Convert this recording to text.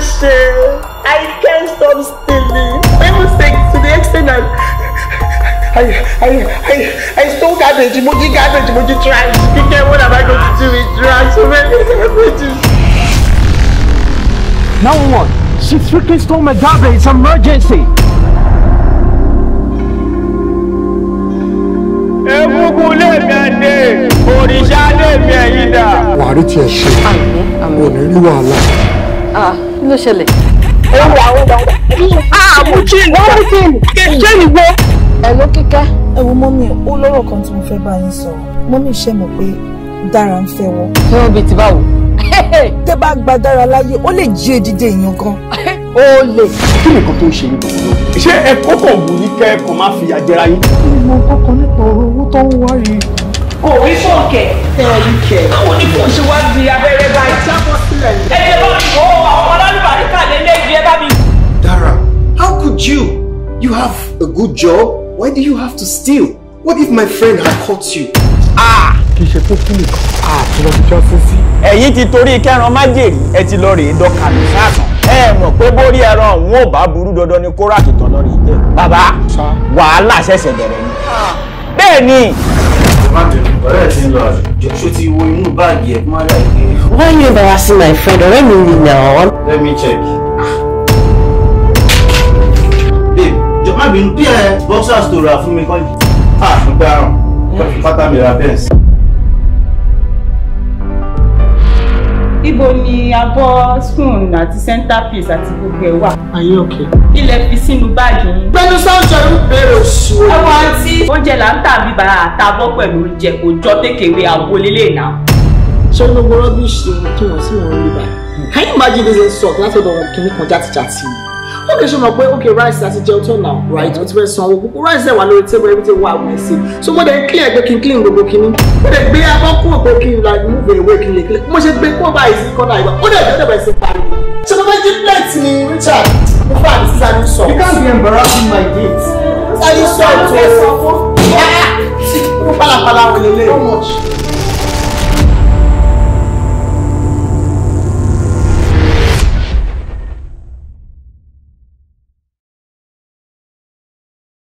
share. I can't stop stealing. People say to the extent that I, I, I, I stole garbage, emoji garbage, emoji trash. You get what am I going to do with trash? So many emojis. Now what? She freaking stole my garbage. It's emergency. Egungun lè mẹ́ẹ̀dẹ́, òrìṣà lè mẹ́ẹ̀yìn dà. Wàá rí tiẹ̀ ṣe, ò ní rí wàhálà. Ah ló ṣẹlẹ̀. ewu àwọn dàda. àmú chain wọ́n chain chain gbọ́. ẹ ló kíkẹ́. ẹ wo mọ́mí ó lọ́rọ̀ kan tó ń fẹ́ bá yín sọ̀rọ̀ mọ́mí ṣe mọ̀ pé dára ń fẹ́ wọn. ṣé wọn bíi ti báwo. tẹ́ bá gba dára láyé ó lè jí odidi èèyàn gan. ó lè. kí ni nǹkan tó ń ṣe yín gbogbo ṣé ẹ kọ́kọ́ wù ní kẹ́ ẹ kàn fi àjẹrà yín. mo kọ́kọ́ nípa owó tó ń good job? Why do you have to steal? What if my friend had caught you? Ah! kì í ṣe tó kú nìkan àti ah, lọ́ọ́ fi já sí sí. ẹ̀yin ti torí kẹ́ran májèlé ẹ ti lọ rèé dọ́ka mi sáàtàn. ẹ mọ̀ pé bórí ẹran òun ò bá burú dandan ni kó ràkì tán lọ́rọ̀ ìjẹ́. bàbá wàhálà ṣẹ̀ṣẹ̀ bẹ̀rẹ̀ ni. bẹ́ẹ̀ ni. ọ̀rẹ́ ti ń lọ jọ̀ṣọ́ ti wo inú báàgì ẹ̀ kó má dà yìí. why you embarrassing my friend ọ̀rẹ́ mi ni na ọ. let me check. má bínú bí ẹ boxers tó rà fún mi kọ́ yìí. a gbẹ àrùn pátá mi ra bẹ́ẹ̀. ibo ni abọ́ spoon àti centerpiece àti gbogbo ẹ̀ wà. ayé òkè. ilẹ̀ fi sínú báàgì yín. gbẹ́nu sọ́ọ̀sọ̀ ń bèrè oṣù. ẹwọ àti oúnjẹ là ń tà bíbá àtàbọ̀ pẹ̀lú oúnjẹ kò jọ kékeré àwọlélẹ̀ náà. ṣé gbogbo rọ́bìṣì tó wọ́n sí wọn ń bíbá? can you imagine this insult látọ̀dọ̀ wọn kìíní kan játijàti? ok ṣe mọ̀ pé ok rice àti jẹun tán now right o ti fẹ́ sanwó gbogbo rice ẹ̀ wà lórí table everything wà wẹ̀ sí so mo dẹ̀ clear pé kí n clean gbogbo kìíní mo dẹ̀ gbé abọ́ kúrò pé kí n like move away kí n lè clean mo ṣe gbé kó bá ìsìn kọ́nà ìgbà ó dẹ̀ dẹ̀ bẹ̀rẹ̀ sí pariwo. ṣé mo fẹ́ jí plate ni Richard mo fà ní sísá ní sọ. you can't be embarrassing my date. sísá ní sọ ètò ẹ̀sán fún. mo pàlàpàlà wò lélẹ̀. how much.